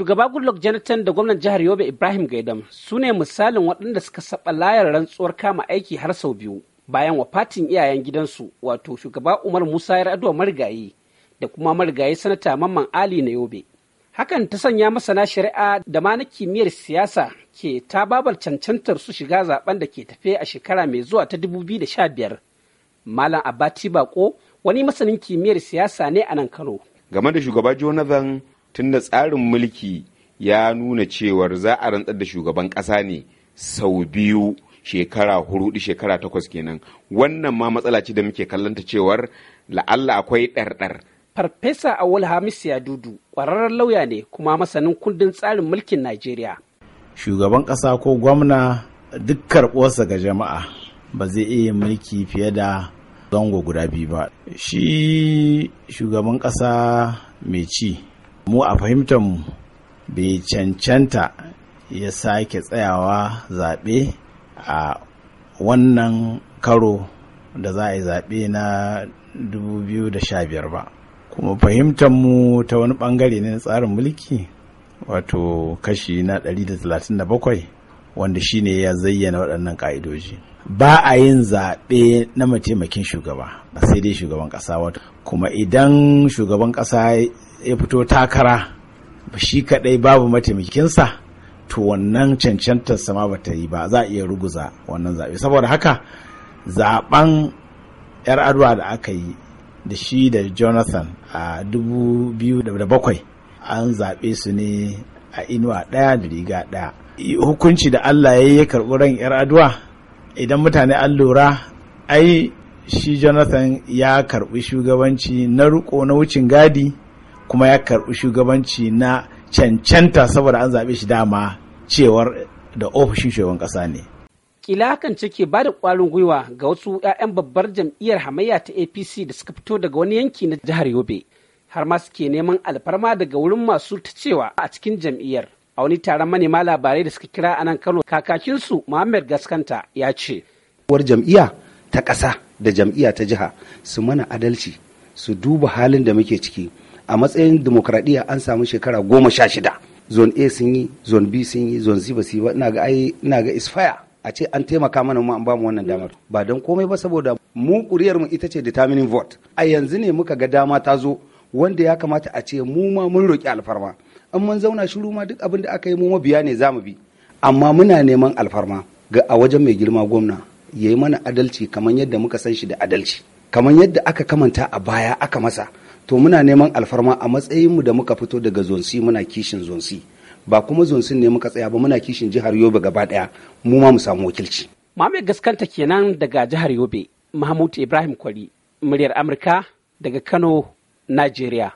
Shugaba Goodluck Jonathan da gwamnan jihar Yobe Ibrahim Gaidam su ne misalin waɗanda suka saba layar rantsuwar kama aiki har sau biyu bayan wafatin iyayen gidansu wato shugaba Umar Musa Yar'adua Marigayi da kuma Marigayi Sanata Mamman Ali na Yobe. Hakan ta sanya masana shari'a da ma na kimiyyar siyasa ke ta babar cancantar su shiga zaben da ke tafe a shekara mai zuwa ta dubu biyu da sha biyar, Malam Abati Bako wani masanin kimiyyar siyasa ne a nan Kano. Game da shugaba Jonathan tunda tsarin mulki ya nuna cewar za a rantsar da shugaban ƙasa ne sau biyu shekara hurudu shekara takwas kenan wannan ma matsala ce da muke kallanta cewar la'alla akwai ɗarɗar. farfesa awul hamis yadudu ƙwararren lauya ne kuma masanin kundin tsarin mulkin najeriya shugaban ƙasa ko gwamna duk karɓuwarsa ga jama'a ba zai iya mulki fiye da zango guda biyu ba shi shugaban ƙasa mai ci mu a fahimtar mu bai cancanta ya sake tsayawa zaɓe a wannan karo da za a yi zaɓe na 2015 ba kuma fahimtar mu ta wani ɓangare ne na tsarin mulki wato kashi na 137 wanda shi ne ya zayyana waɗannan ƙa'idoji ba a yin zaɓe na mataimakin shugaba ba sai dai shugaban ƙasa wata kuma idan shugaban ƙasa ya fito takara shi kaɗai babu mataimakinsa to wannan cancantar sama ba ta yi ba za a iya ruguza wannan zaɓe saboda haka zaɓen yar aduwa da aka yi da shi da jonathan a 2007 an zaɓe su ne a inuwa ɗaya da riga ɗaya hukunci da Allah ya yi karɓi ran 'yar aduwa idan mutane an lura ai shi jonathan ya karɓi shugabanci na ruko na wucin gadi kuma ya karɓi shugabanci na cancanta saboda an zaɓe shi dama cewar da ofishin shugaban ƙasa ne kila hakan ce ke bada kwarin gwiwa ga wasu 'ya'yan babbar jam'iyyar hamayya ta apc da suka fito daga wani yanki na jihar yobe har ma suke neman alfarma daga wurin masu ta cewa a cikin jam'iyyar a wani taron manema labarai da suka kira anan nan Kano kakakinsu muhammed Gaskanta ya ce. Uwar jam'iyya ta ƙasa da jam'iyya ta jiha su mana adalci su duba halin da muke ciki a matsayin demokradiyya an samu shekara goma sha shida zon a sun yi zon b sun yi zon c ba su yi ba ina ga isfaya a ce an taimaka mana mu an bamu wannan damar ba don komai ba saboda mu kuriyar mu ita ce determining vote a yanzu ne muka ga dama ta zo wanda ya kamata a ce mu ma mun roki alfarma in mun zauna shiru ma duk abin da aka yi mu mabiya ne za mu bi amma muna neman alfarma ga a wajen mai girma gwamna ya yi mana adalci kamar yadda muka san shi da adalci kamar yadda aka kamanta a baya aka masa to muna neman alfarma a matsayinmu da muka fito daga zonsi muna kishin zonsi ba kuma zonsin ne muka tsaya ba muna kishin jihar yobe gaba daya mu ma mu samu wakilci mai gaskanta kenan daga jihar yobe mahmud ibrahim kwari muryar amurka daga kano nigeria